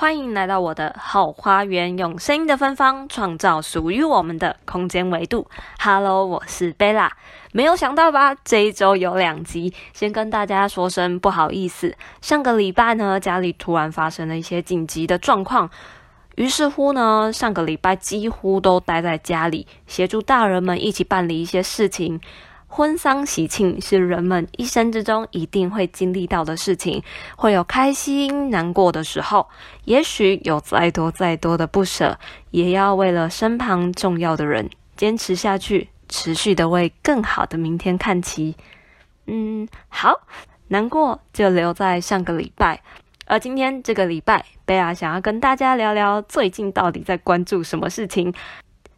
歡迎來到我的 Hoo 花園，用聲音的芬芳創造屬於我們的空間維度。Hello，我是 Bella。沒有想到吧，這一周有兩集，先跟大家說聲不好意思。上個禮拜呢，家裡突然發生了一些緊急的狀況，於是乎呢，上個禮拜幾乎都待在家裡，協助大人們一起辦理一些事情。婚喪喜慶是人們一生之中一定會經歷到的事情，會有開心、難過的時候，也許有再多再多的不捨，也要為了身旁重要的人堅持下去，持續的為更好的明天看齊。嗯，好，難過就留在上個禮拜，而今天這個禮拜，Bella 想要跟大家聊聊最近到底在關注什麼事情。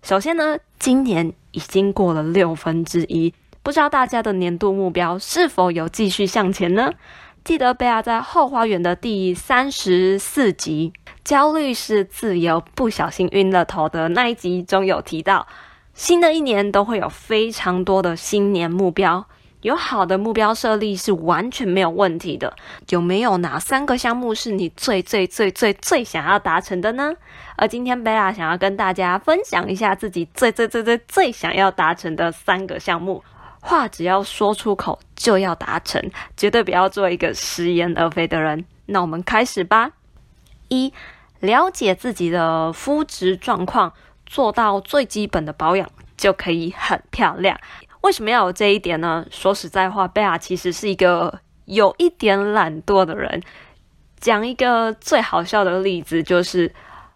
首先呢，今年已經過了六分之一。不知道大家的年度目標是否有繼續向前呢？記得貝拉在 Hoo 花園的第三十四集《焦慮是自由》不小心暈了頭的那一集中有提到，新的一年都會有非常多的新年目標，有好的目標設立是完全沒有問題的。有沒有哪三個項目是你最最最最最最想要達成的呢？而今天貝拉想要跟大家分享一下自己最最最最最想要達成的三個項目。話只要說出口就要達成，絕對不要做一個食言而肥的人。那我們開始吧。一，了解自己的膚質狀況，做到最基本的保養，就可以很漂亮。為什麼要有這一點呢？說實在話，貝拉其實是一個有一點懶惰的人。講一個最好笑的例子，就是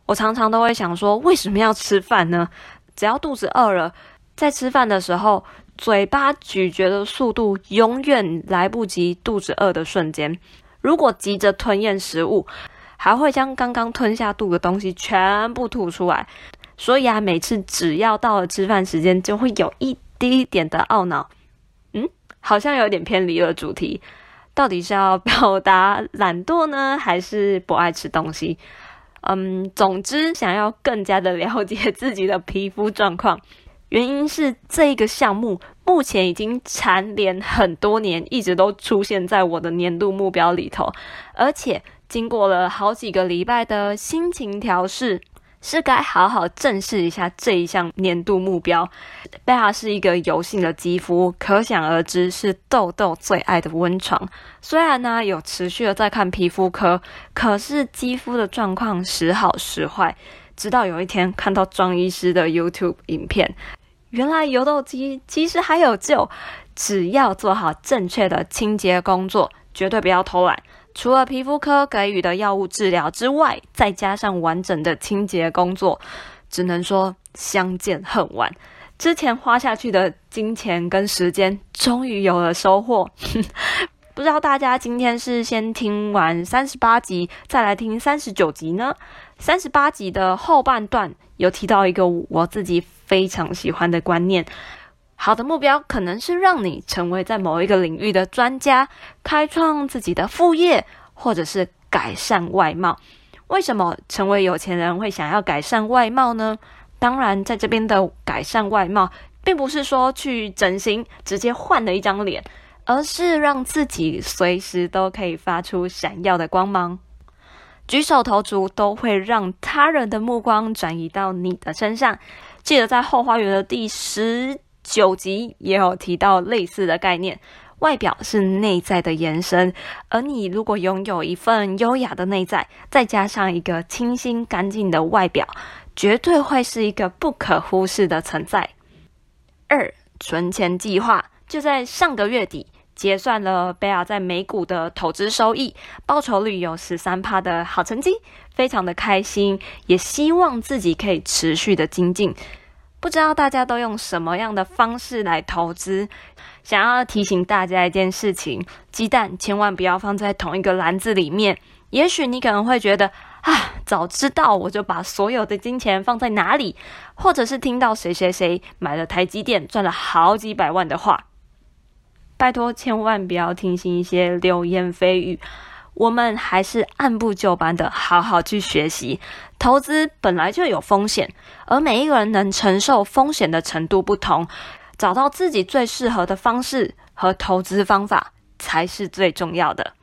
我常常都會想說，為什麼要吃飯呢？只要肚子餓了，在吃飯的時候。嘴巴咀嚼的速度永遠來不及肚子餓的瞬間，如果急着吞咽食物，還會將剛剛吞下肚的東西全部吐出來。所以啊，每次只要到了吃飯時間，就會有一點點的懊惱。嗯，好像有點偏離了主題，到底是要表達懶惰呢，還是不愛吃東西？嗯，總之想要更加的了解自己的皮膚狀況。原因是這個項目目前已經蟬聯很多年，一直都出現在我的年度目標裡頭，而且經過了好幾個禮拜的心情調試，是該好好正視一下這一項年度目標。Bella 是一個油性的肌膚，可想而知是痘痘最愛的溫床。雖然呢、啊、有持續的在看皮膚科，可是肌膚的狀況時好時壞。直到有一天看到莊醫師的 YouTube 影片，原來油痘肌其實還有救，只要做好正確的清潔工作，絕對不要偷懶。除了皮膚科給予的藥物治療之外，再加上完整的清潔工作，只能說相見恨晚。之前花下去的金錢跟時間，終於有了收穫。呵呵不知道大家今天是先聽完三十八集，再來聽三十九集呢？三十八集的後半段有提到一個我自己非常喜歡的觀念：好的目標可能是讓你成為在某一個領域的專家，開創自己的副業，或者是改善外貌。為什麼成為有錢人會想要改善外貌呢？當然，在這邊的改善外貌，並不是說去整形，直接換了一張臉。而是讓自己隨時都可以發出閃耀的光芒，舉手投足都會讓他人的目光轉移到你的身上。記得在 Hoo 花園的第十九集也有提到類似的概念，外表是內在的延伸，而你如果擁有一份優雅的內在，再加上一個清新乾淨的外表，絕對會是一個不可忽視的存在。二，存錢計劃就在上個月底，結算了 Bella 在美股的投資收益，報酬率有十三趴的好成績，非常的開心，也希望自己可以持續的精進。不知道大家都用什麼樣的方式來投資？想要提醒大家一件事情：雞蛋千萬不要放在同一個籃子裡面。也許你可能會覺得，啊，早知道我就把所有的金錢放在哪裡，或者是聽到誰誰誰買了台積電賺了好幾百萬的話。拜託，千萬不要聽信一些流言蜚語，我們還是按部就班的好好去學習。投資本來就有風險，而每一個人能承受風險的程度不同，找到自己最適合的方式和投資方法才是最重要的。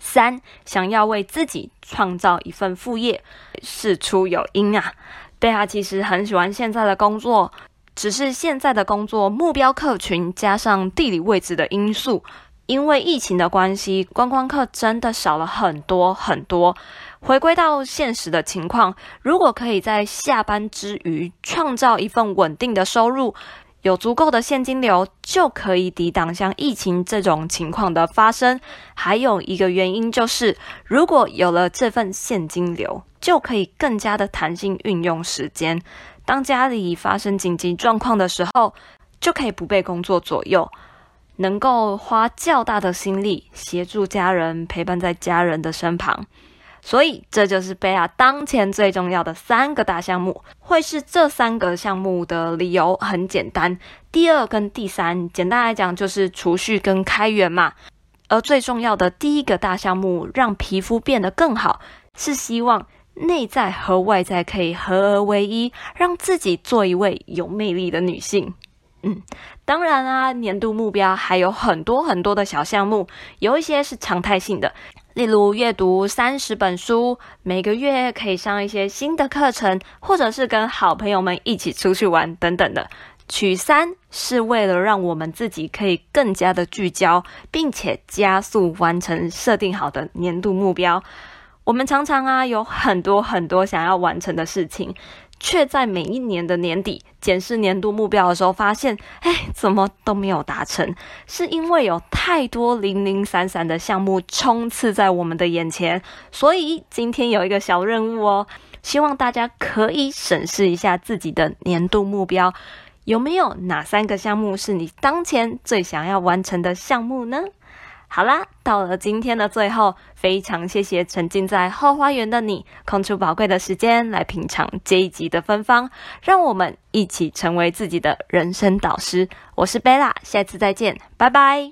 三，想要為自己創造一份副業，事出有因啊。Bella 其實很喜歡現在的工作。只是現在的工作目標客群，加上地理位置的因素，因為疫情的關係，觀光客真的少了很多很多。回歸到現實的情況，如果可以在下班之餘創造一份穩定的收入。有足夠的現金流就可以抵擋像疫情這種情況的發生。還有一個原因就是，如果有了這份現金流，就可以更加的彈性運用時間。當家裡發生緊急狀況的時候，就可以不被工作左右，能夠花較大的心力協助家人，陪伴在家人的身旁。所以，這就是 Bella 當前最重要的三個大項目。會是這三個項目的理由很簡單，第二跟第三，簡單來講就是儲蓄跟開源嘛。而最重要的第一個大項目，讓皮膚變得更好，是希望內在和外在可以合而為一，讓自己做一位有魅力的女性。嗯，當然啦，年度目標還有很多很多的小項目，有一些是常態性的。例如閱讀三十本書，每個月可以上一些新的課程，或者是跟好朋友們一起出去玩等等的。取三是為了讓我們自己可以更加的聚焦，並且加速完成設定好的年度目標。我們常常啊，有很多很多想要完成的事情。卻在每一年的年底檢視年度目標的時候，發現，哎，怎麼都沒有達成？是因為有太多零零散散的項目衝刺在我們的眼前，所以今天有一個小任務哦，希望大家可以審視一下自己的年度目標，有沒有哪三個項目是你當前最想要完成的項目呢？好啦，到了今天的最後，非常謝謝沉浸在 Hoo 花園的你，空出寶貴的時間來品嘗這一集的芬芳，讓我們一起成為自己的人生導師。我是貝拉，下次再見，拜拜。